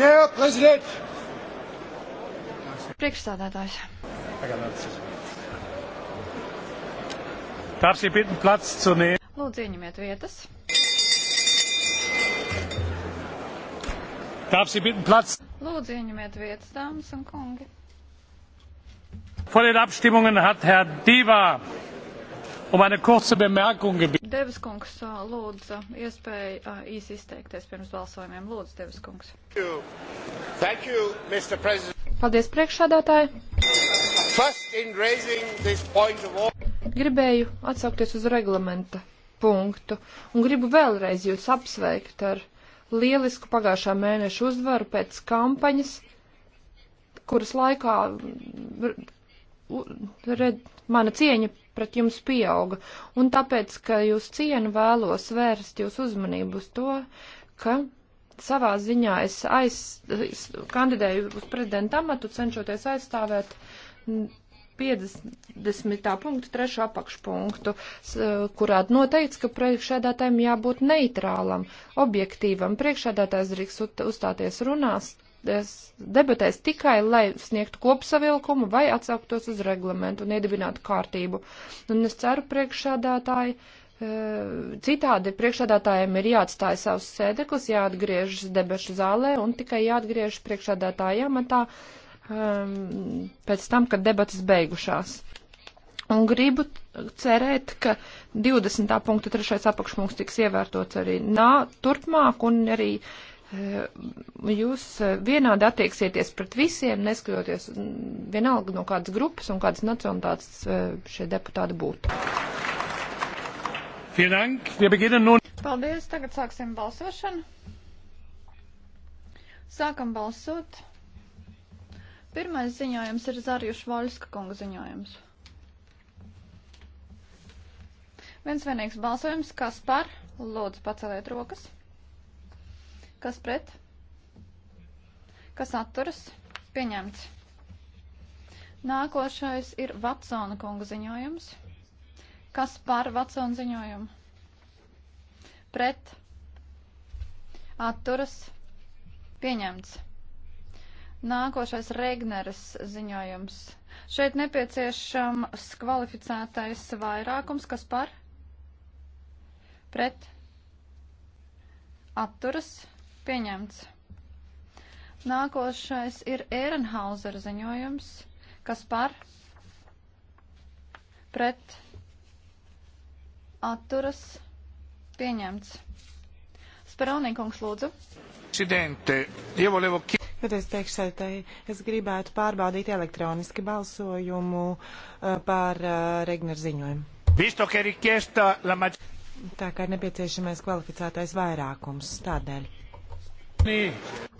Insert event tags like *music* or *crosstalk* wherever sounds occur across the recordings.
Jā, prezident! Priekšstādātājs. Darf Sie bitten Platz zu nehmen? Lūdzu, ieņemiet vietas. Darf Sie bitten Platz? Lūdzu, ieņemiet vietas, dāmas un kungi. Vor den Abstimmungen hat Herr Diva Um eine kurze Bemerkung gebeten. Devis kungs lūdza iespēju īsi izteikties pirms balsojumiem. Lūdzu, Devis kungs. Thank you. Thank you, Mr. President. Paldies, priekšsādātāji. Of... Gribēju atsaukties uz reglamenta punktu un gribu vēlreiz jūs apsveikt ar lielisku pagājušā mēneša uzvaru pēc kampaņas, kuras laikā red, mana cieņa pret jums pieauga, un tāpēc, ka jūs cienu vēlos vērst jūs uzmanību uz to, ka savā ziņā es aiz, es kandidēju uz prezidenta amatu, cenšoties aizstāvēt 50. punktu, 3. apakšpunktu, kurā noteikts, ka priekšēdātājiem jābūt neitrālam, objektīvam. Priekšēdātājs drīkst uzstāties runās debatēs tikai, lai sniegtu kopsavilkumu vai atsauktos uz reglamentu un iedibinātu kārtību. Un es ceru priekšādātāji, e, citādi priekšādātājiem ir jāatstāja savs sēdeklis, jāatgriežas debešu zālē un tikai jāatgriežas priekšādātāja amatā um, pēc tam, kad debatas beigušās. Un gribu cerēt, ka 20. punktu trešais apakšpunkts tiks ievērtots arī nā, turpmāk un arī uh, Eh, jūs eh, vienādi attieksieties pret visiem, neskatoties vienalga no kādas grupas un kādas nacionalitātes eh, šie deputāti būtu. Paldies, tagad sāksim balsošanu. Sākam balsot. Pirmais ziņojums ir Zārjuša Vaļska kunga ziņojums. Viens vienīgs balsojums, kas par, lūdzu paceliet rokas. Kas pret? Kas atturas? Pieņemts. Nākošais ir Vatsona kunga ziņojums. Kas par Vatsona ziņojumu? Pret. Atturas. Pieņemts. Nākošais Regneres ziņojums. Šeit nepieciešams kvalificētais vairākums, kas par? Pret. Atturas pieņemts. Nākošais ir Ehrenhauser ziņojums, kas par pret atturas pieņemts. Speronīkungs lūdzu. Kad es teikšu, es gribētu pārbaudīt elektroniski balsojumu eh, par eh, Regner ziņojumu. Tā kā ir nepieciešamais kvalificētais vairākums tādēļ.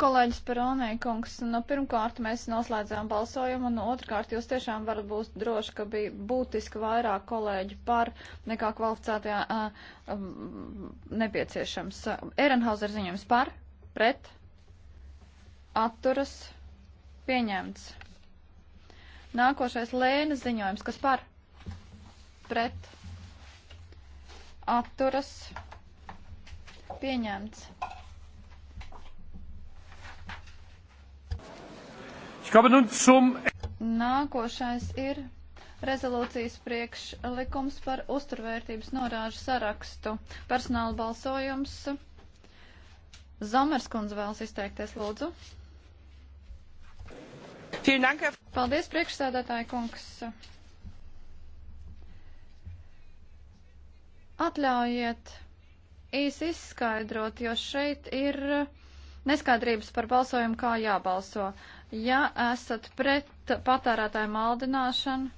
Kolēģis Peronē, kungs, no nu, pirmkārt mēs noslēdzām balsojumu, un no otrkārt jūs tiešām varat būt droši, ka bija būtiski vairāk kolēģi par nekā kvalificētajā uh, um, nepieciešams. Ehrenhauser ziņojums par, pret, atturas, pieņemts. Nākošais Lēnas ziņojums, kas par, pret, atturas, pieņemts. Nākošais ir rezolūcijas priekšlikums par uzturvērtības norāžu sarakstu. Personāla balsojums. Zomers kundze vēlas izteikties, lūdzu. Paldies, priekšsēdētāji kungs. Atļaujiet īsi izskaidrot, jo šeit ir neskaidrības par balsojumu, kā jābalso. Uh, Ja esat pret patērētāju maldināšanu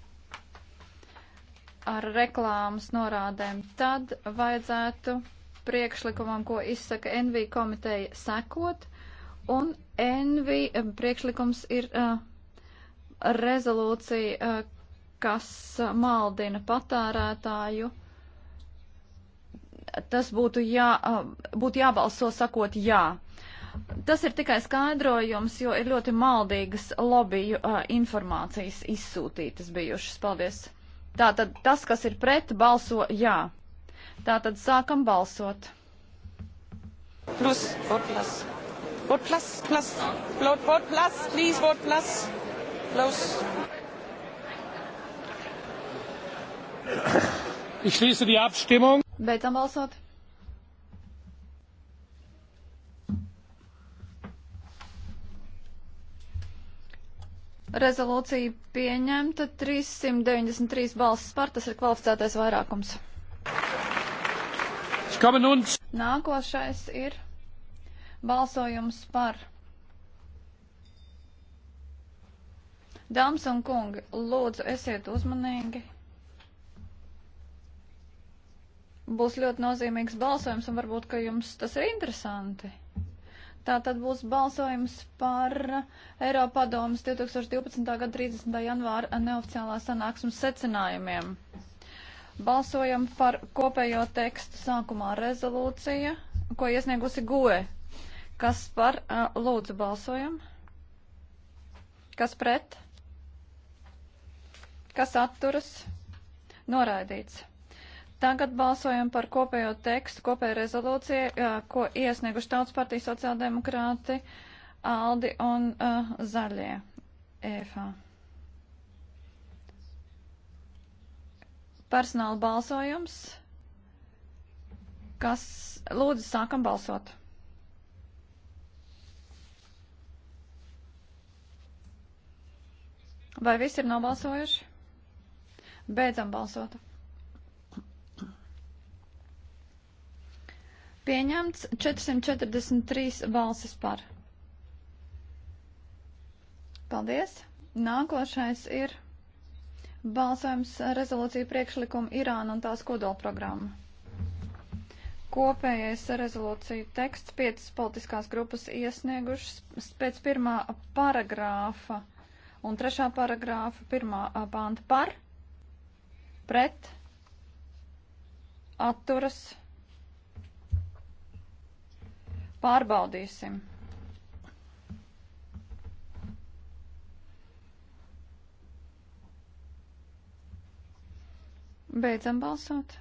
ar reklāmas norādēm, tad vajadzētu priekšlikumam, ko izsaka NV komiteja, sekot, un NV priekšlikums ir uh, rezolūcija, uh, kas maldina patērētāju. Tas būtu, jā, uh, būtu jābalso sakot jā. Tas ir tikai skaidrojums, jo ir ļoti maldīgas lobiju uh, informācijas izsūtītas bijušas. Paldies! Tātad tas, kas ir pret, balso jā. Tātad sākam balsot. Plus, vot plus. Vot plus, plus. Vot, vot plus, please, vot plus. Plus. Ich schließe die Abstimmung. Beidzam balsot. Rezolūcija pieņemta 393 balsis par, tas ir kvalificētais vairākums. Nākošais ir balsojums par. Dāmas un kungi, lūdzu, esiet uzmanīgi. Būs ļoti nozīmīgs balsojums, un varbūt, ka jums tas ir interesanti. Tā tad būs balsojums par Eiropadomas 2012. gada 30. janvāra neoficiālā sanāksmes secinājumiem. Balsojam par kopējo tekstu sākumā rezolūcija, ko iesniegusi GUE. Kas par? Lūdzu, balsojam. Kas pret? Kas atturas? Noraidīts. Tagad balsojam par kopējo tekstu, kopēju rezolūciju, ko iesnieguši Tautas partija sociāldemokrāti, Aldi un uh, Zaļie. EFA. Personāla balsojums. Kas lūdzu sākam balsot? Vai visi ir nobalsojuši? Beidzam balsot. Pieņemts 443 balsis par. Paldies. Nākošais ir balsojums rezolūcija priekšlikuma Irāna un tās kodolprogramma. Kopējais rezolūcija teksts piecas politiskās grupas iesniegušas pēc pirmā paragrāfa un trešā paragrāfa pirmā panta par, pret, atturas, Pārbaudīsim. Beidzam balsot.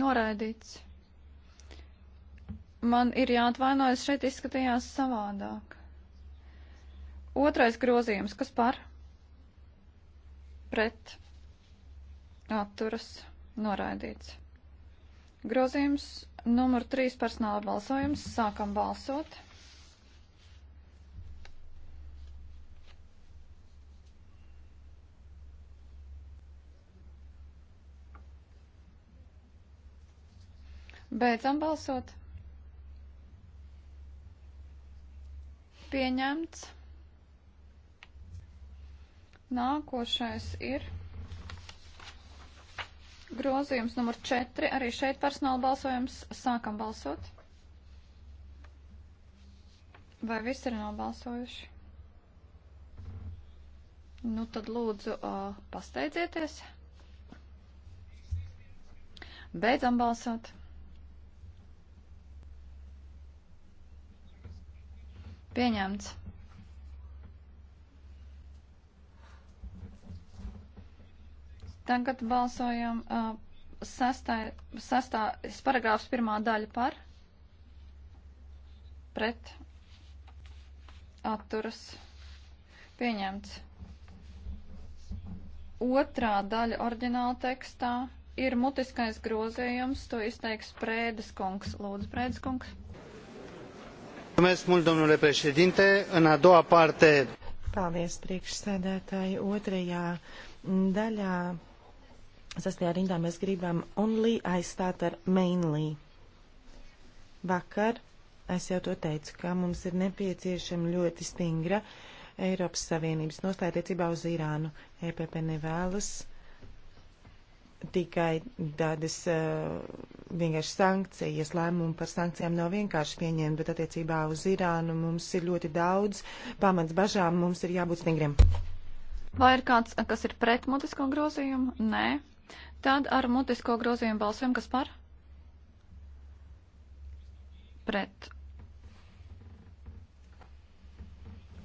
Noraidīts. Man ir jāatvainojas, šeit izskatījās savādāk. Otrais grozījums, kas par? Pret. Atturas. Noraidīts. Grozījums numur 3 personāla balsojums. Sākam balsot. Beidzam balsot. Pieņemts. Nākošais ir. Grozījums numur 4. Arī šeit personāla balsojums. Sākam balsot. Vai visi ir nobalsojuši? Nu tad lūdzu uh, pasteidzieties. Beidzam balsot. Pieņemts. Tagad balsojam uh, sastā, sastā paragrāfs pirmā daļa par, pret, atturas, pieņemts. Otrā daļa oriģināla tekstā ir mutiskais grozījums, to izteiks Prēdes kungs. Lūdzu, Prēdes kungs. Mēs mult, domnule președinte, în a doua parte. Paldies, priekšsēdētāji. Otrajā daļā Sastajā rindā mēs gribam only aizstāt ar mainly. Vakar es jau to teicu, ka mums ir nepieciešama ļoti stingra Eiropas Savienības nostājotiecībā uz Irānu. EPP nevēlas tikai tādas uh, vienkārši sankcijas. Lēmumu par sankcijām nav vienkārši pieņemt, bet attiecībā uz Irānu mums ir ļoti daudz pamats bažām, mums ir jābūt stingriem. Vai ir kāds, kas ir pret mutisko grozījumu? Nē. Tad ar mutisko grozījumu balsojam, kas par? Pret.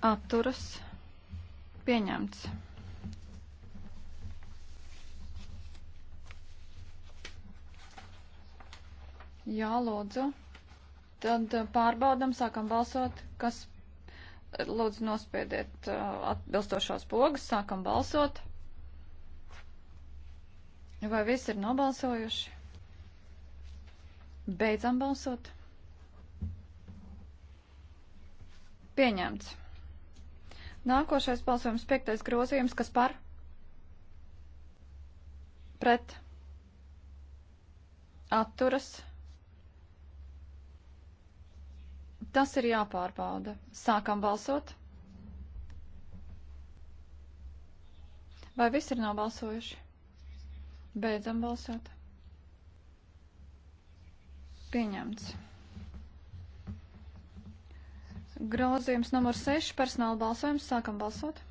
Atturas. Pieņemts. Jā, lūdzu. Tad pārbaudam, sākam balsot, kas lūdzu nospiediet uh, atbilstošās pogas, sākam balsot. Nu, vai viss ir nobalsojuši? Beidzam balsot. Pieņemts. Nākošais balsojums piektais grozījums, kas par? Pret. Atturas. Tas ir jāpārbauda. Sākam balsot. Vai viss ir nobalsojuši? Beidzam balsot. Pieņemts. Grozījums numur 6 personāla balsojums. Sākam balsot.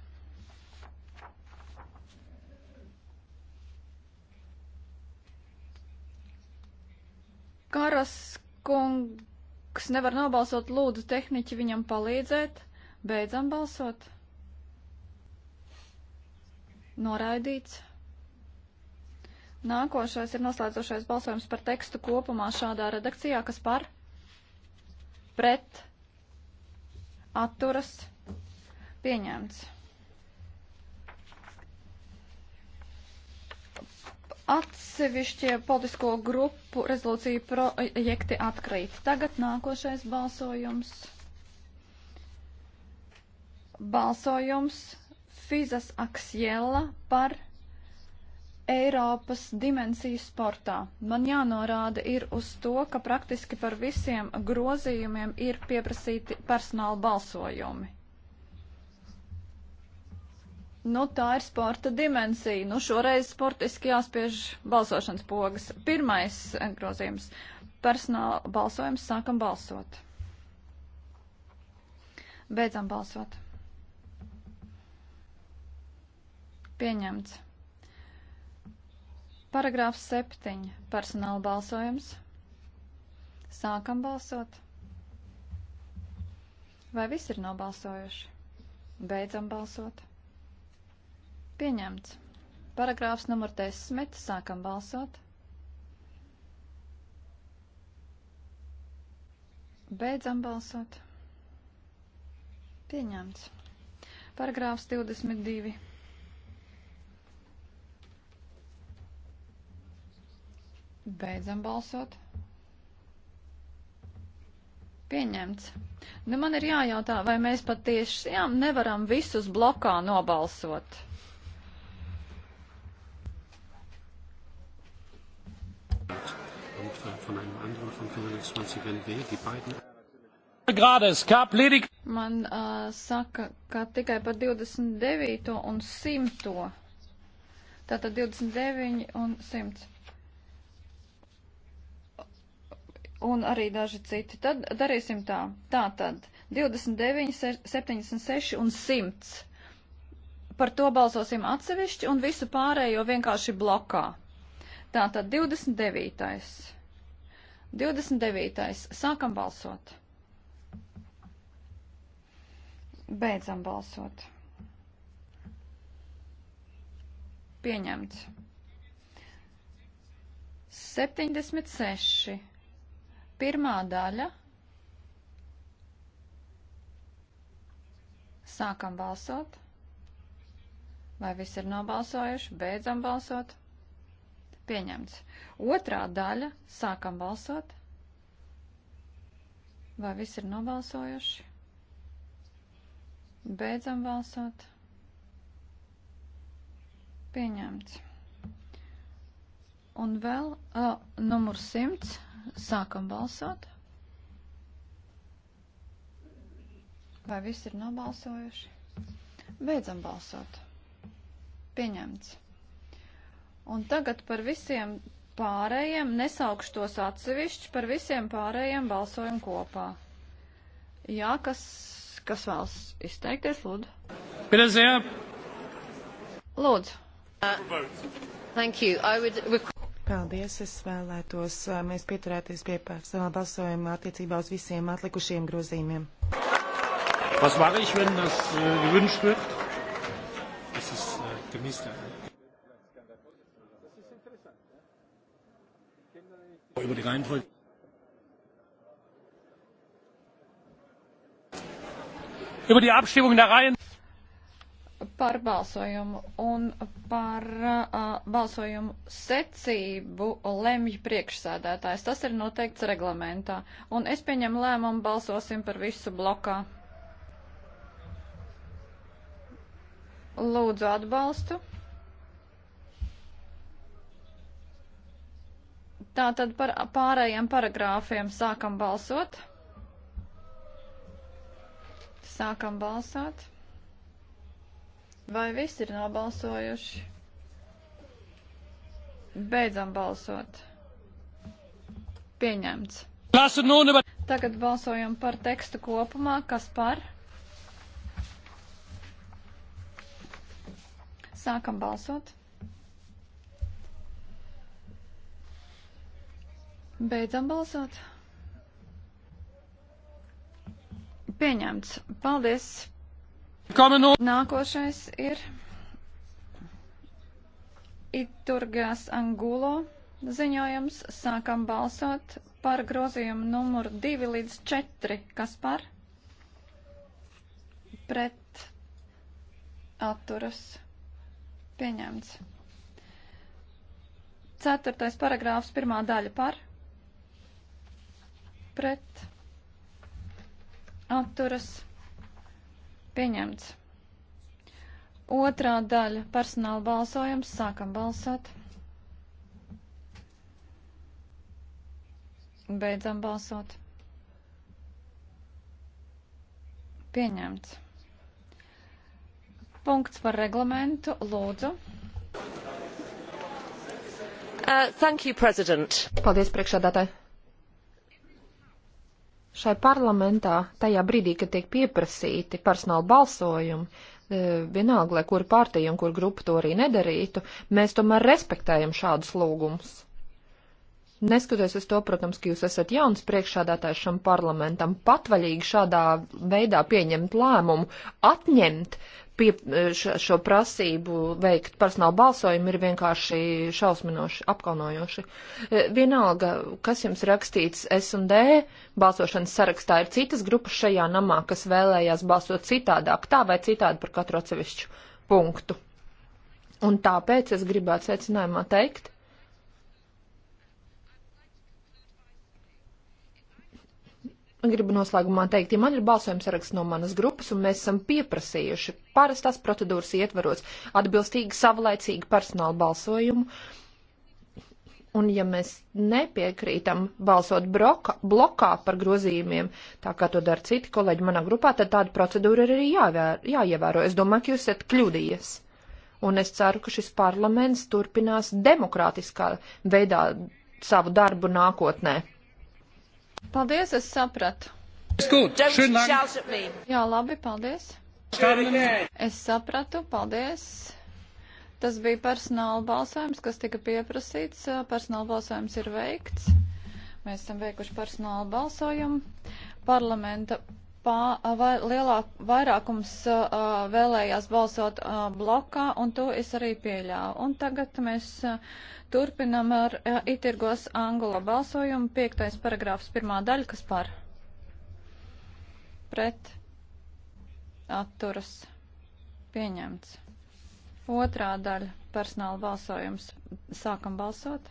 Karas kungs nevar nobalsot, lūdzu tehniķi viņam palīdzēt. Beidzam balsot. Noraidīts. Nākošais ir noslēdzošais balsojums par tekstu kopumā šādā redakcijā, kas par pret atturas pieņemts. Atsevišķie politisko grupu rezolūciju projekti atkrīt. Tagad nākošais balsojums. Balsojums Fizas Aksjela par pret Eiropas dimensiju sportā. Man jānorāda ir uz to, ka praktiski par visiem grozījumiem ir pieprasīti personāla balsojumi. Nu, tā ir sporta dimensija. Nu, šoreiz sportiski jāspiež balsošanas pogas. Pirmais eh, grozījums - personāla balsojums. Sākam balsot. Beidzam balsot. Pieņemts. Paragrāfs 7. Personāla balsojums. Sākam balsot. Vai viss ir nobalsojuši? Beidzam balsot. Pieņemts. Paragrāfs numur 10. Sākam balsot. Beidzam balsot. Pieņemts. Paragrāfs 22. Beidzam balsot. Pieņemts. Nu, man ir jājautā, vai mēs patiešām nevaram visus blokā nobalsot. Man uh, saka, ka tikai par 29 un 100. Tātad 29 un 100. un arī daži citi. Tad darīsim tā. Tā tad 29, 76 un 100. Par to balsosim atsevišķi un visu pārējo vienkārši blokā. Tā tad 29. 29. Sākam balsot. Beidzam balsot. Pieņemts. 76. Pirmā daļa. Sākam balsot. Vai viss ir nobalsojuši? Beidzam balsot. Pieņemts. Otrā daļa. Sākam balsot. Vai viss ir nobalsojuši? Beidzam balsot. Pieņemts. Un vēl uh, numur simts. Sākam balsot. Vai viss ir nobalsojuši? Beidzam balsot. Pieņemts. Un tagad par visiem pārējiem, nesaukšu tos atsevišķi, par visiem pārējiem balsojumu kopā. Jā, kas, kas vēlas izteikties, lūdzu? Pirms, jā. Lūdzu. Uh, thank you. I would... Paldies. Es vēlētos mēs pieturēties pie savā balsojuma attiecībā uz visiem atlikušiem grozījumiem. Was mache ich, wenn das äh, gewünscht wird? Das ist äh, gemäß der. Über die Reihenfolge. Über die Abstimmung der Reihen par balsojumu un par uh, balsojumu secību lemj priekšsēdētājs. Tas ir noteikts reglamentā. Un es pieņemu lēmumu, balsosim par visu blokā. Lūdzu atbalstu. Tātad par pārējiem paragrāfiem sākam balsot. Sākam balsot. Vai visi ir nobalsojuši? Beidzam balsot. Pieņemts. Tagad balsojam par tekstu kopumā. Kas par? Sākam balsot. Beidzam balsot. Pieņemts. Paldies Nākošais ir Iturgās Angulo ziņojums. Sākam balsot par grozījumu numuru 2 līdz 4. Kas par? Pret atturas pieņemts. Ceturtais paragrāfs pirmā daļa par. Pret atturas pieņemts Pieņemts. Otrā daļa - personāla balsojums. Sākam balsot. Beidzam balsot. Pieņemts. Punkts par reglamentu. Lūdzu. Uh, thank you, President. Paldies, priekšādātāji šai parlamentā, tajā brīdī, kad tiek pieprasīti personāla balsojumi, e, vienalga, lai kur partija un kur grupa to arī nedarītu, mēs tomēr respektējam šādus lūgumus. Neskatoties uz to, protams, ka jūs esat jauns priekšādātājs šam parlamentam, patvaļīgi šādā veidā pieņemt lēmumu, atņemt pie, šo, šo prasību veikt personālu balsojumu ir vienkārši šausminoši, apkaunojoši. E, vienalga, kas jums rakstīts S&D balsošanas sarakstā, ir citas grupas šajā namā, kas vēlējās balsot citādāk, tā vai citādi par katru atsevišķu punktu. Un tāpēc es gribētu secinājumā teikt, Gribu noslēgumā teikt, ja man ir balsojums saraksts no manas grupas un mēs esam pieprasījuši parastās procedūras ietvaros atbilstīgi savlaicīgi personāla balsojumu, un ja mēs nepiekrītam balsot broka, blokā par grozījumiem, tā kā to dara citi kolēģi manā grupā, tad tāda procedūra ir arī jāvēr, jāievēro. Es domāju, ka jūs esat kļūdījies. Un es ceru, ka šis parlaments turpinās demokrātiskā veidā savu darbu nākotnē. Paldies, es sapratu. Jā, labi, paldies. Es sapratu, paldies. Tas bija personāla balsojums, kas tika pieprasīts. Personāla balsojums ir veikts. Mēs esam veikuši personāla balsojumu. Parlamenta pā, vai, lielāk vairākums uh, vēlējās balsot uh, blokā, un to es arī pieļāvu. Un tagad mēs uh, turpinam ar uh, itirgos Angula balsojumu, piektais paragrāfs pirmā daļa, kas par pret atturas pieņemts. Otrā daļa personāla balsojums. Sākam balsot.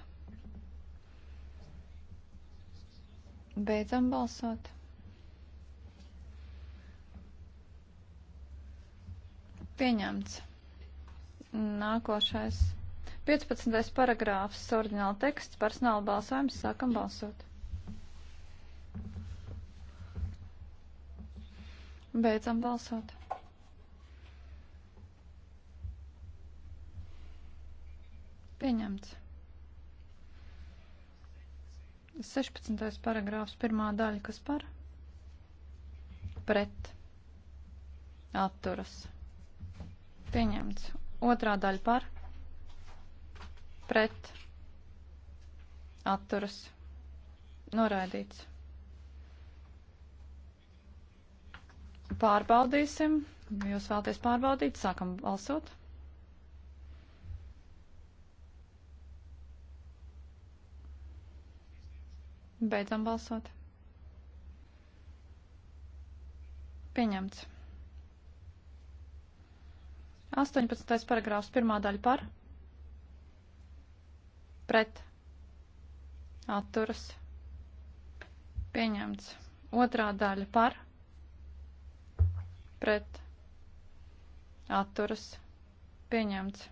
Beidzam balsot. Pieņemts. Nākošais. 15. paragrāfs, ordināla teksts, personāla balsojums, sākam balsot. Beidzam balsot. Pieņemts. 16. paragrāfs, pirmā daļa, kas par? Pret. Atturas. Pieņemts. Otrā daļa par. Pret. Atturas. Noraidīts. Pārbaudīsim. Jūs vēlaties pārbaudīt. Sākam balsot. Beidzam balsot. Pieņemts. 18. paragrāfs pirmā daļa par pret atturas pieņemts. Otrā daļa par pret atturas pieņemts.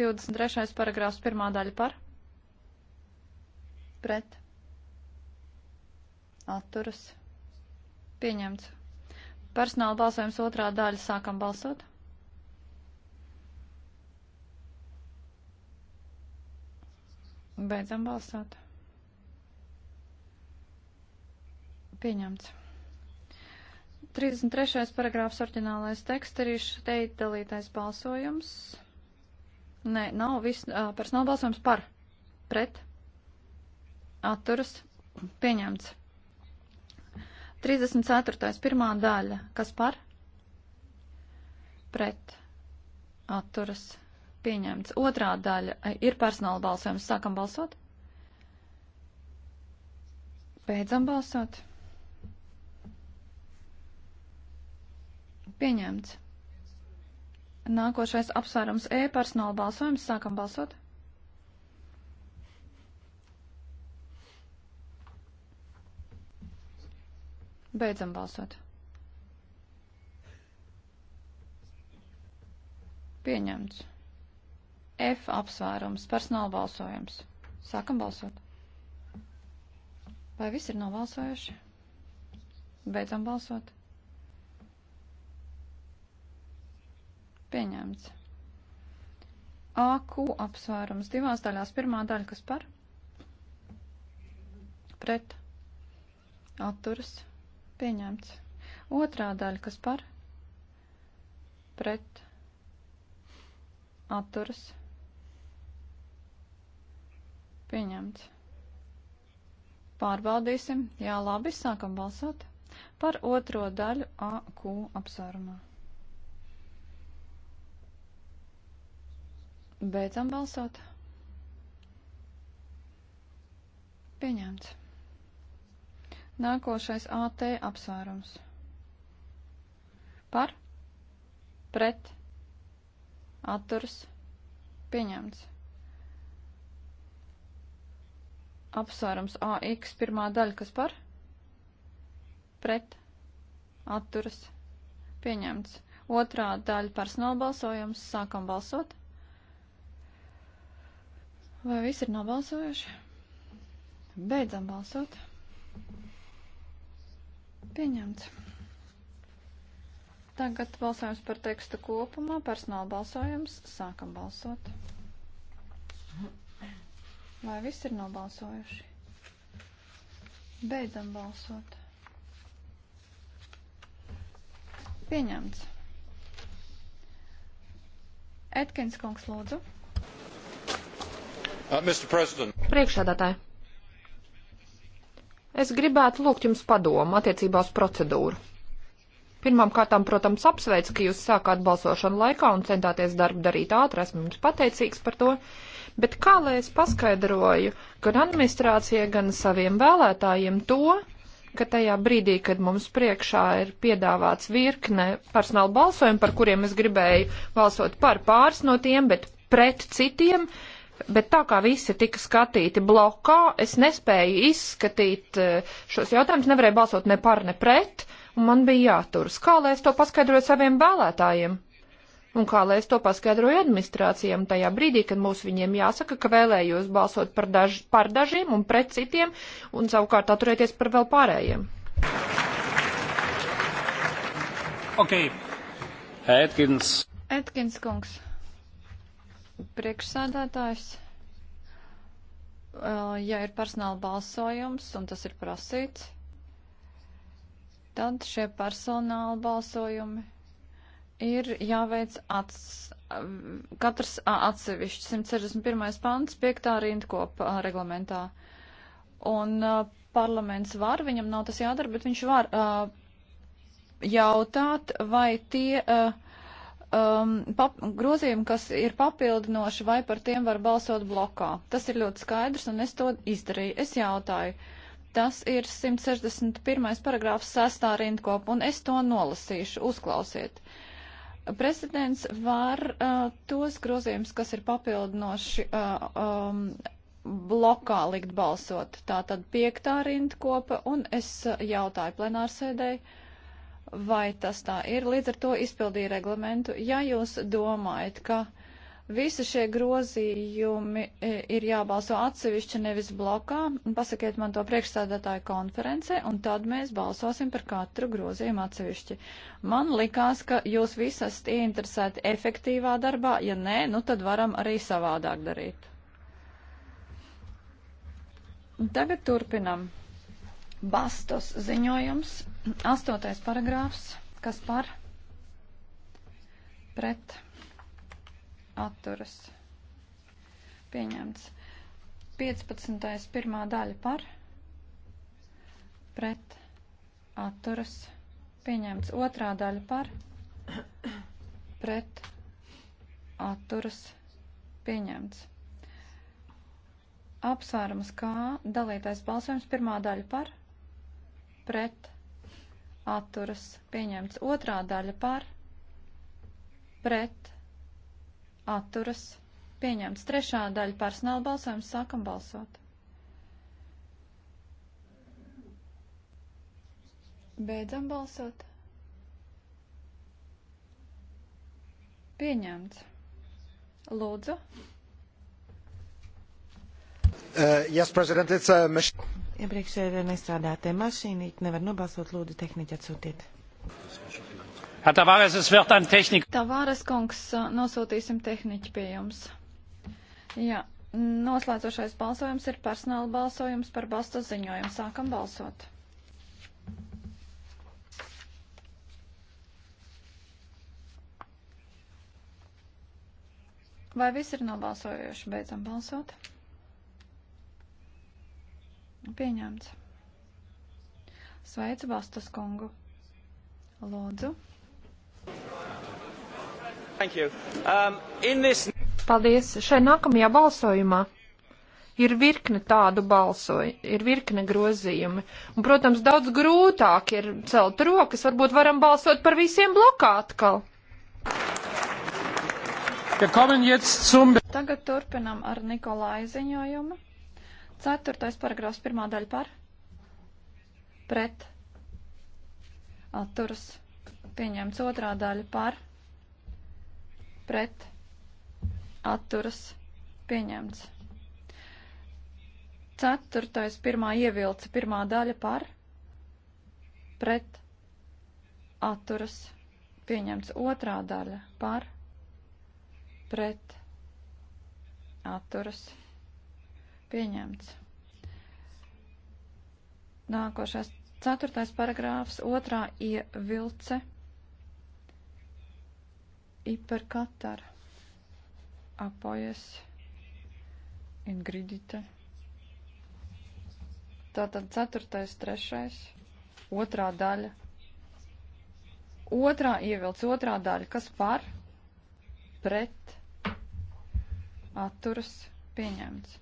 23. paragrāfs pirmā daļa par pret atturas pieņemts. Personāla balsojums otrā daļa sākam balsot. Beidzam balsot. Pieņemts. 33. paragrāfs orģinālais teksts arī šeit dalītais balsojums. Nē, nav viss uh, personāla balsojums par, pret, atturas, pieņemts. 34. pirmā daļa, kas par, pret, atturas, pieņemts Pieņemts. Otrā daļa eh, ir personāla balsojums. Sākam balsot. Beidzam balsot. Pieņemts. Nākošais apsvērums E personāla balsojums. Sākam balsot. Beidzam balsot. Pieņemts. F apsvērums, personāla balsojums. Sākam balsot. Vai viss ir nobalsojuši? Beidzam balsot. Pieņemts. AQ apsvērums divās daļās. Pirmā daļa, kas par? Pret. Atturas. Pieņemts. Otrā daļa, kas par? Pret. Atturas. Pieņemts. Pārbaudīsim. Jā, labi, sākam balsot par otro daļu AQ apsvērumā. Beidzam balsot. Pieņemts. Nākošais AT apsvērums. Par, pret, atturs, pieņemts. apsvērums AX pirmā daļa, kas par? Pret. Atturas. Pieņemts. Otrā daļa personāla balsojums. Sākam balsot. Vai visi ir nobalsojuši? Beidzam balsot. Pieņemts. Tagad balsojums par tekstu kopumā. Personāla balsojums. Sākam balsot. Mm-hmm. Vai viss ir nobalsojuši? Beidzam balsot. Pieņemts. Etkins kungs lūdzu. Uh, Priekšādātāji. Es gribētu lūgt jums padomu attiecībā uz procedūru. Pirmām kārtām, protams, apsveicu, ka jūs sākāt balsošanu laikā un centāties darbu darīt ātri, esmu jums pateicīgs par to. Bet kā lai es paskaidroju gan administrācijai, gan saviem vēlētājiem to, ka tajā brīdī, kad mums priekšā ir piedāvāts virkne personāla balsojumu, par kuriem es gribēju balsot par pāris no tiem, bet pret citiem, uh, bet tā kā visi tika skatīti blokā, es nespēju izskatīt e, šos jautājumus, nevarēju balsot ne par, ne pret, un man bija jāturas. Kā lai es to paskaidroju saviem vēlētājiem? Un kā lai es to paskaidroju administrācijām tajā brīdī, kad mūs viņiem jāsaka, ka vēlējos balsot par, daž, par dažiem un pret citiem, un savukārt atturēties par vēl pārējiem? Okay. Atkins. Atkins kungs priekšsādātājs. Ja ir personāla balsojums, un tas ir prasīts, tad šie personāla balsojumi ir jāveic ats, katrs atsevišķi 161. pants 5. rindkopa reglamentā. Un parlaments var, viņam nav tas jādara, bet viņš var jautāt, vai tie. Uh, um, pap, grozījumi, kas ir papildinoši, vai par tiem var balsot blokā. Tas ir ļoti skaidrs, un es to izdarīju. Es jautāju, tas ir 161. paragrāfs 6. rindkopa, un es to nolasīšu. Uzklausiet. Prezidents var uh, tos grozījumus, kas ir papildinoši, uh, um, blokā likt balsot. Tā tad piektā rindkopa, un es uh, jautāju plenārsēdēji vai tas tā ir. Līdz ar to izpildīja reglamentu. Ja jūs domājat, ka visi šie grozījumi e, ir jābalso atsevišķi nevis blokā, pasakiet man to priekšstādātāju konferencē, un tad mēs balsosim par katru grozījumu atsevišķi. Man likās, ka jūs visi esat ieinteresēti efektīvā darbā, ja nē, nu tad varam arī savādāk darīt. Tagad turpinam. Bastos ziņojums, astotais paragrāfs, kas par pret atturas pieņemts. 15. pirmā daļa par pret atturas pieņemts. Otrā daļa par pret atturas pieņemts. Apsvērums kā dalītais balsojums pirmā daļa par pret, atturas, pieņemts. Otrā daļa par, pret, atturas, pieņemts. Trešā daļa personāla balsojums, sākam balsot. Beidzam balsot. Pieņemts. Lūdzu. Uh, yes, President, it's a uh, machine. Iepriekš ja ir nestrādātie mašīnīti, nevar nobalsot, lūdzu, tehniķi atsūtiet. Tavāres kungs, nosūtīsim tehniķi pie jums. Jā, noslēdzošais balsojums ir personāla balsojums par balstu ziņojumu. Sākam balsot. Vai viss ir nobalsojuši? Beidzam balsot. Pieņemts. Sveicu Bastas kungu. Lūdzu. Thank you. Um, in this... Paldies. Šai nākamajā balsojumā ir virkne tādu balsoju, ir virkne grozījumi. Un, protams, daudz grūtāk ir celt rokas, varbūt varam balsot par visiem blokā atkal. Tagad turpinam ar Nikolai ziņojumu. Ceturtais paragrāfs pirmā daļa par pret atturas pieņemts otrā daļa par pret atturas pieņemts. Ceturtais pirmā ievilce pirmā daļa par pret atturas pieņemts otrā daļa par pret atturas pieņemts Pieņemts. Nākošais ceturtais paragrāfs, otrā ievilce, hiperkatara, apojas, ingridite. Tātad ceturtais, trešais, otrā daļa. Otrā ievilce, otrā daļa, kas par, pret, atturas, pieņemts.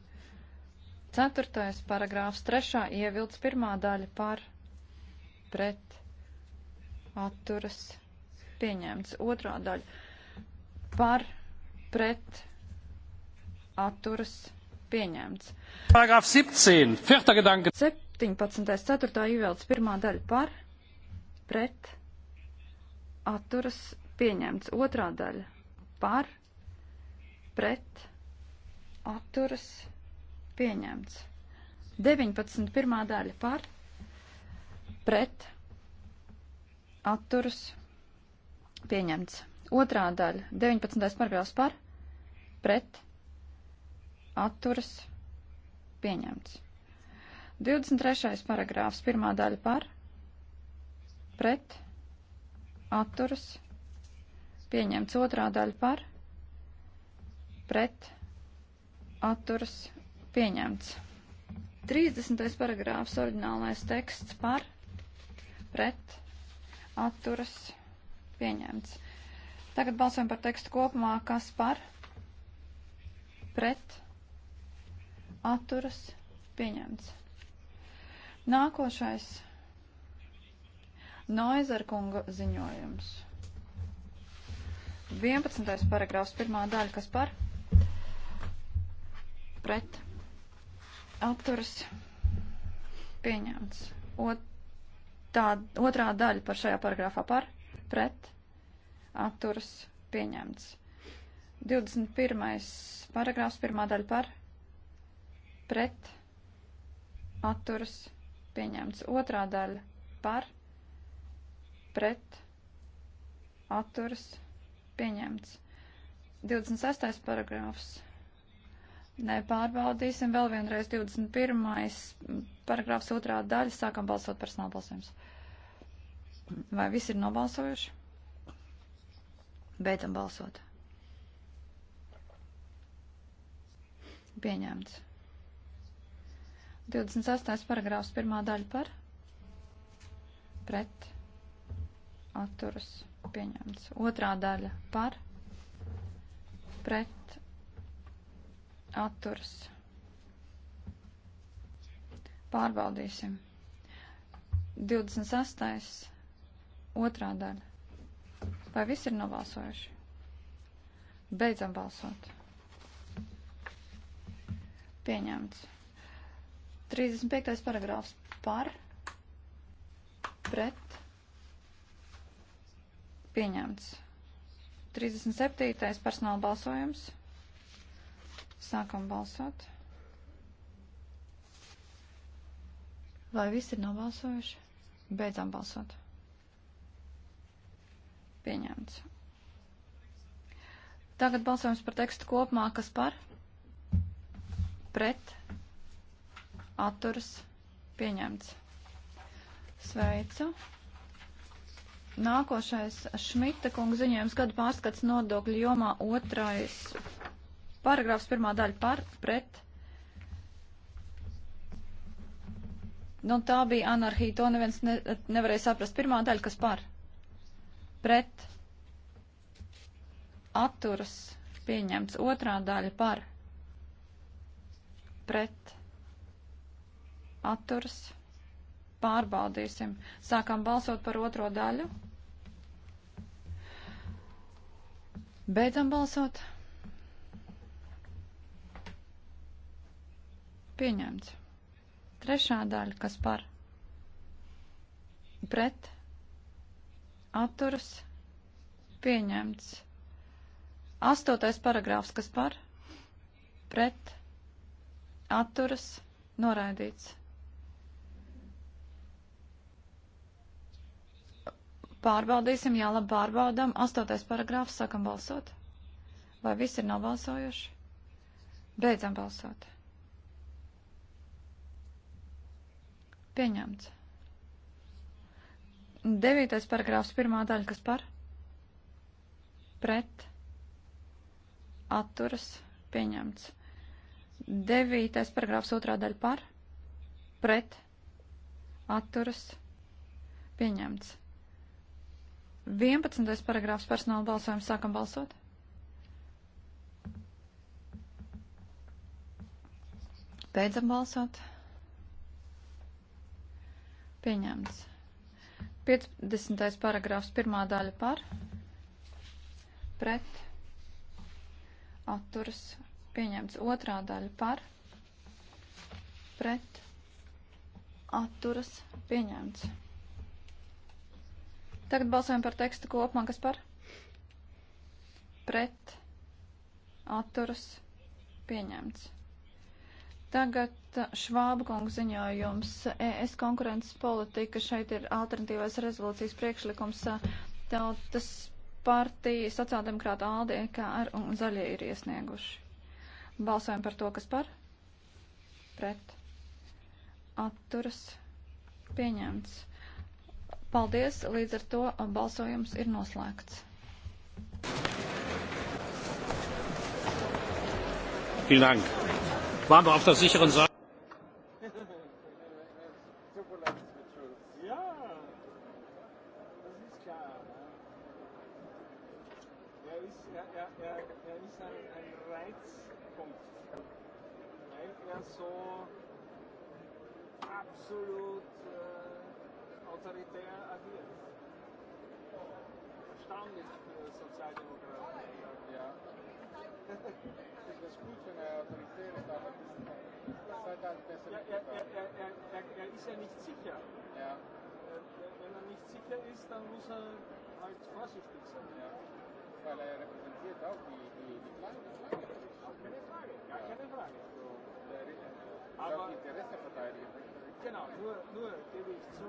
Ceturtais paragrāfs, trešā ievilds pirmā daļa par pret atturas pieņemts. Otrā daļa par pret atturas pieņemts. Paragrāfs 17, 4. gedanke. 17. 4. ievilds pirmā daļa par pret atturas pieņemts. Otrā daļa par pret atturas pieņemts pieņemts. 19. pirmā daļa par, pret, atturas, pieņemts. Otrā daļa, 19. paragrāfs par, pret, atturas, pieņemts. 23. paragrāfs, pirmā daļa par, pret, atturas, pieņemts. Otrā daļa par, pret, atturas, pieņemts pieņemts. 30. paragrāfs, oriģinālais teksts par, pret, atturas, pieņemts. Tagad balsojam par tekstu kopumā, kas par, pret, atturas, pieņemts. Nākošais Noizarkunga ziņojums. 11. paragrāfs, pirmā daļa, kas par, pret, Apturas pieņemts. Ot, tā, otrā daļa par šajā paragrāfā par, pret, apturas pieņemts. 21. paragrāfs, pirmā daļa par, pret, atturas pieņemts. Otrā daļa par, pret, atturas pieņemts. 26. paragrāfs Nē, pārbaudīsim vēl vienreiz 21. paragrāfs otrā daļa. Sākam balsot personāla balsojums. Vai visi ir nobalsojuši? Beidzam balsot. Pieņemts. 28. paragrāfs pirmā daļa par pret atturas pieņemts. Otrā daļa par pret atturas. Pārbaudīsim. 26. otrā daļa. Vai visi ir nobalsojuši? Beidzam balsot. Pieņemts. 35. paragrāfs par, pret, pieņemts. 37. personāla balsojums. Sākam balsot. Vai viss ir nobalsojuši? Beidzam balsot. Pieņemts. Tagad balsojums par tekstu kopumā, kas par? Pret. Atturs. Pieņemts. Sveicu. Nākošais Šmita kungu ziņojums gadu pārskats nodokļu jomā otrais Paragrāfs pirmā daļa par pret. Nu, tā bija anarhija, to neviens ne, nevarēja saprast. Pirmā daļa, kas par pret atturas pieņemts. Otrā daļa par pret atturas pārbaudīsim. Sākam balsot par otro daļu. Beidzam balsot. Pieņemts. Trešā daļa, kas par pret atturas pieņemts. Astotais paragrāfs, kas par pret atturas noraidīts. Pārbaudīsim, jā, labi pārbaudām. Astotais paragrāfs, sākam balsot. Vai visi ir nobalsojuši? Beidzam balsot. Pieņemts. Devītais paragrāfs pirmā daļa, kas par? Pret. Atturas. Pieņemts. Devītais paragrāfs otrā daļa par? Pret. Atturas. Pieņemts. Vienpadsmitais paragrāfs personāla balsojums. Sākam balsot. Beidzam balsot. Pieņemts. 50. paragrāfs pirmā daļa par, pret, atturas, pieņemts otrā daļa par, pret, atturas, pieņemts. Tagad balsojam par tekstu kopumā, kas par, pret, atturas, pieņemts. Tagad Švāba kungs ziņojums. ES konkurences politika šeit ir alternatīvais rezolūcijas priekšlikums. Tautas partija, sociāldemokrāta Aldi, EKR un Zaļie ir iesnieguši. Balsojam par to, kas par? Pret. Atturas. Pieņemts. Paldies, līdz ar to balsojums ir noslēgts. Vielen Dank waren wir auf der sicheren Seite. autoritär agiert. Erstaunlich für Sozialdemokraten das gut, wenn er autoritär ist, aber das ist halt eine bessere ja, er, er, er, er, er, er ist ja nicht sicher. Ja. Wenn er nicht sicher ist, dann muss er halt vorsichtig sein. Ja. Weil er repräsentiert auch die, die, die kleine Flagge. Keine Frage, gar keine Frage. So, der, der aber auch Interesse verteidigen. Genau, nur, nur gebe ich zu,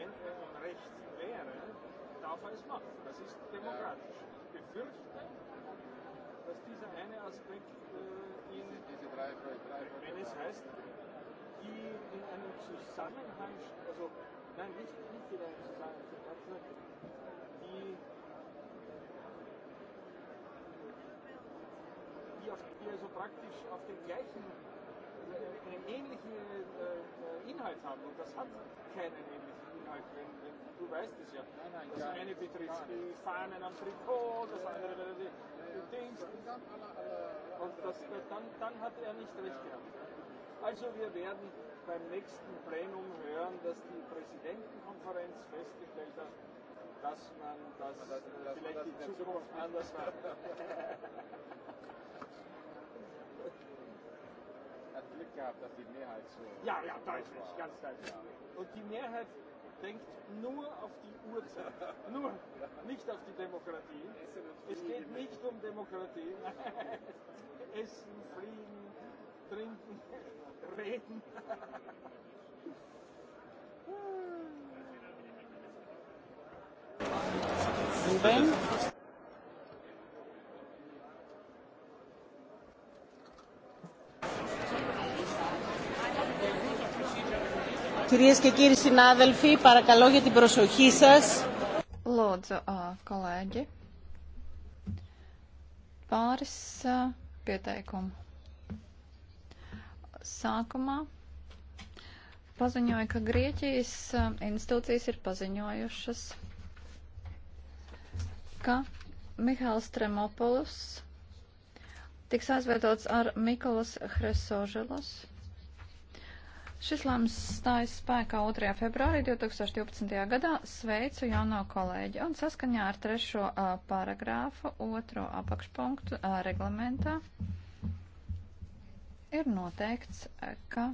wenn er im Recht wäre, eh? darf er es machen. Das ist demokratisch. Eh? Ja. Befürchten dieser eine Aspekt äh, in, diese drei, drei, drei, wenn es heißt, die in einem Zusammenhang, also nein, nicht, nicht in einem Zusammenhang, gesagt, die, die, auf, die also praktisch auf den gleichen, äh, einen ähnlichen äh, Inhalt haben und das hat keinen ähnlichen Inhalt, wenn, wenn du weißt es ja. Nein, nein, das eine betrifft die Fahnen am Trikot, das andere die Und das, dann, dann hat er nicht recht gehabt. Also wir werden beim nächsten Plenum hören, dass die Präsidentenkonferenz festgestellt hat, dass man das, dass man das äh, dass vielleicht man das in Zukunft anders macht. Er hat Glück gehabt, dass die Mehrheit so. Ja, ja, deutlich, ganz deutlich. Und die Mehrheit denkt nur auf die Uhrzeit, nur, nicht auf die Demokratie. Es geht nicht um Demokratie. *laughs* Essen, Frieden, Trinken, *laughs* Reden. Rubén. Κυρίες και κύριοι συνάδελφοι, παρακαλώ για την προσοχή σας. Lūdzu, kolēģi, pāris pieteikumu. Sākumā paziņoja, ka Grieķijas institūcijas ir paziņojušas, ka Mihāls Tremopolus tiks aizvietots ar Mikolas Hresoželos Šis lēmums stājas spēkā 2. februārī 2012. gadā. Sveicu jauno kolēģi un saskaņā ar trešo uh, paragrāfu, otro apakšpunktu uh, reglamentā ir noteikts, ka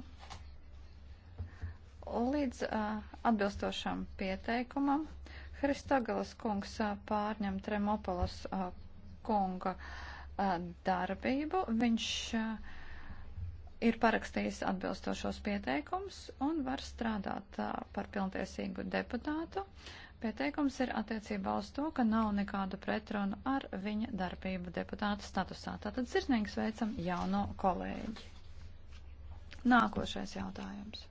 līdz uh, atbilstošam pieteikumam Hristogalas kungs uh, pārņem Tremopolas uh, kunga uh, darbību. Viņš uh, ir parakstījis atbilstošos pieteikums un var strādāt par pilntiesīgu deputātu. Pieteikums ir attiecībā uz to, ka nav nekādu pretrunu ar viņa darbību deputāta statusā. Tātad sirsnīgi sveicam jauno kolēģi. Nākošais jautājums.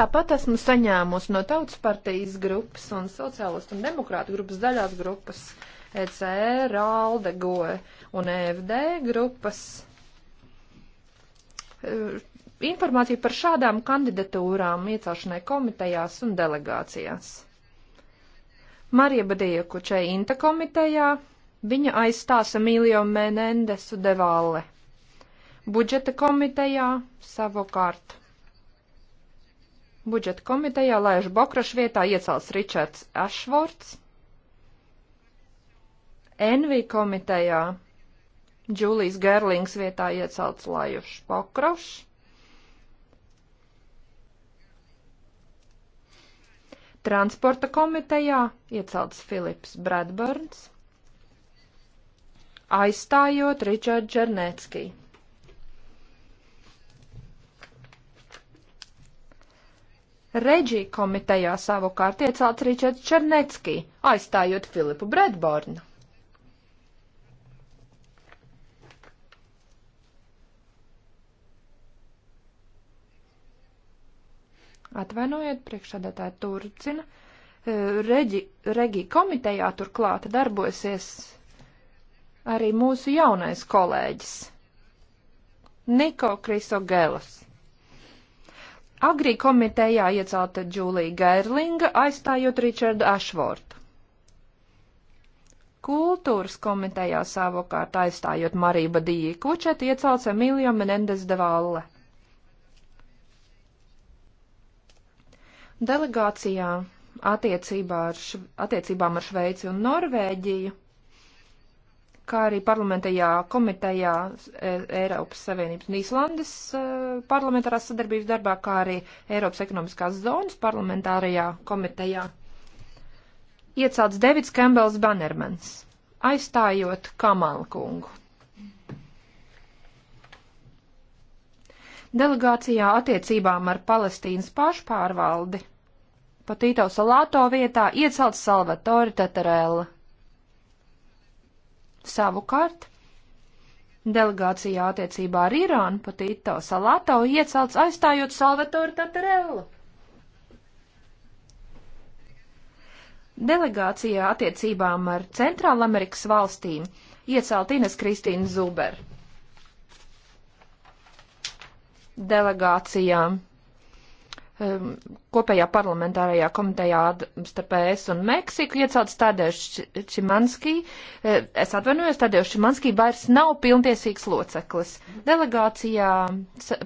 Tāpat esmu saņēmusi no Tautas partijas grupas un Sociālistu un Demokrātu grupas daļās grupas ECR, e, ALDE, GOE un EFD grupas Eh, informāciju par šādām kandidatūrām iecelšanai komitejās un delegācijās. Marija Badija Kučai Inta komitejā, viņa aizstās Emīlio Menendesu de Valle. Budžeta komitejā savukārt. Budžeta komitejā Lēžu Bokrašu vietā iecels Ričards Ashvorts. Envi komitejā Džūlijas Gerlings vietā iecelts Lajušs Pokrošs. Transporta komitejā iecelts Filips Bradburns, aizstājot Ričardu Černēckī. Reģija komitejā savukārt iecelts Ričards Černecki, aizstājot Filipu Bredbornu. Atvainojiet, priekšsādātāja Turcina. E, Reģi, Regi komitejā turklāt darbosies arī mūsu jaunais kolēģis Niko Krisogelas. Agrī komitejā iecelta Džūlija Gērlinga, aizstājot Ričardu Ašvortu. Kultūras komitejā savukārt aizstājot Marība Dīkučet iecelts Emilio Menendez de Valle. Delegācijā attiecībā ar attiecībām ar Šveici un Norvēģiju, kā arī parlamentajā komitejā e- Eiropas Savienības un Īslandes e, parlamentārās sadarbības darbā, kā arī Eiropas ekonomiskās zonas parlamentārajā komitejā, iecāts Devids Kembels Bannermans, aizstājot Kamala kungu. delegācijā attiecībām ar Palestīnas pašpārvaldi. Patīto Salāto vietā iecelts Salvatore Tatarella. Savukārt, delegācijā attiecībā ar Irānu Patīto Salāto iecelts aizstājot Salvatore Tatarella. Delegācijā attiecībām ar Centrālamerikas valstīm iecelt Ines Kristīna Zuber delegācijām um, kopējā parlamentārajā komitejā starp ES un Meksiku iecauts Tadeusz Čimanskī. Eh, es atvainojos, Tadeusz Čimanskī vairs nav pilntiesīgs loceklis. Delegācijā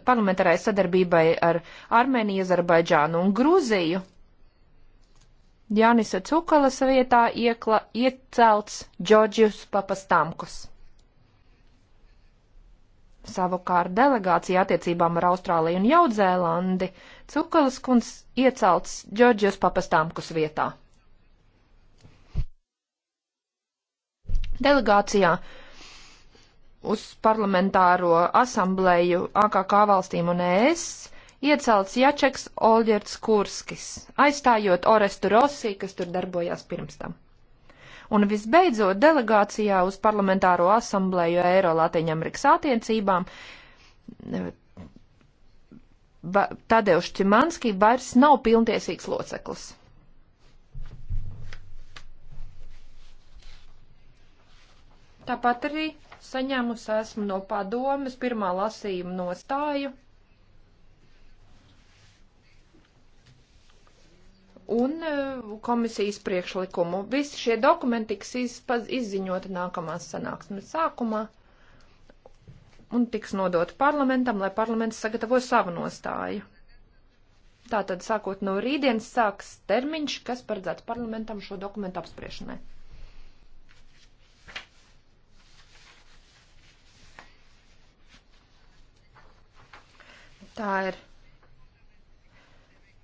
parlamentārai sadarbībai ar Armēniju, Azerbaidžānu un Gruziju Jānisa Cukala savietā iekla, iecelts Džodžus Papastamkus. Savukārt delegācija attiecībām ar Austrāliju un Jaudzēlandi Cukalas kunds iecelts Džordžijas papastāmkus vietā. Delegācijā uz parlamentāro asamblēju AKK valstīm un ES iecelts Jačeks Olģerts Kurskis, aizstājot Orestu Rosī, kas tur darbojās pirms tam. Un visbeidzot, delegācijā uz parlamentāro asamblēju Eiro Latīņamerikas attiecībām Tadeuš Čimanski vairs nav pilntiesīgs loceklis. Tāpat arī saņēmusi esmu no padomes pirmā lasījuma nostāju un eh, komisijas priekšlikumu. Visi šie dokumenti tiks izpaz, izziņoti nākamās sanāksmes sākumā un tiks nodot parlamentam, lai parlaments sagatavo savu nostāju. Tātad, sākot no rītdienas, sāks termiņš, kas paredzēts parlamentam šo dokumentu apspriešanai. Tā ir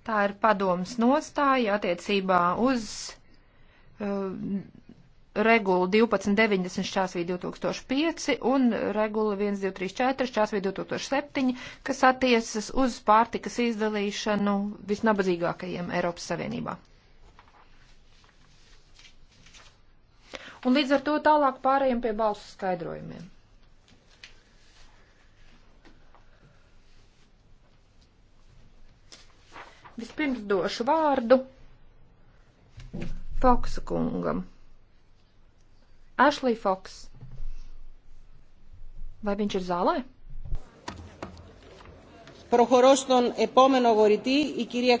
Tā ir padomas nostāja attiecībā uz uh, regulu 1290 šķāsvī 2005 un regula 1234 šķāsvī 2007, kas attiecas uz pārtikas izdalīšanu visnabadzīgākajiem Eiropas Savienībā. Un līdz ar to tālāk pārējiem pie balsu skaidrojumiem. Vispirms došu vārdu Foksa kungam. Ashley Foks. Vai viņš ir zālē? Προχωρώ στον επόμενο αγορητή, η κυρία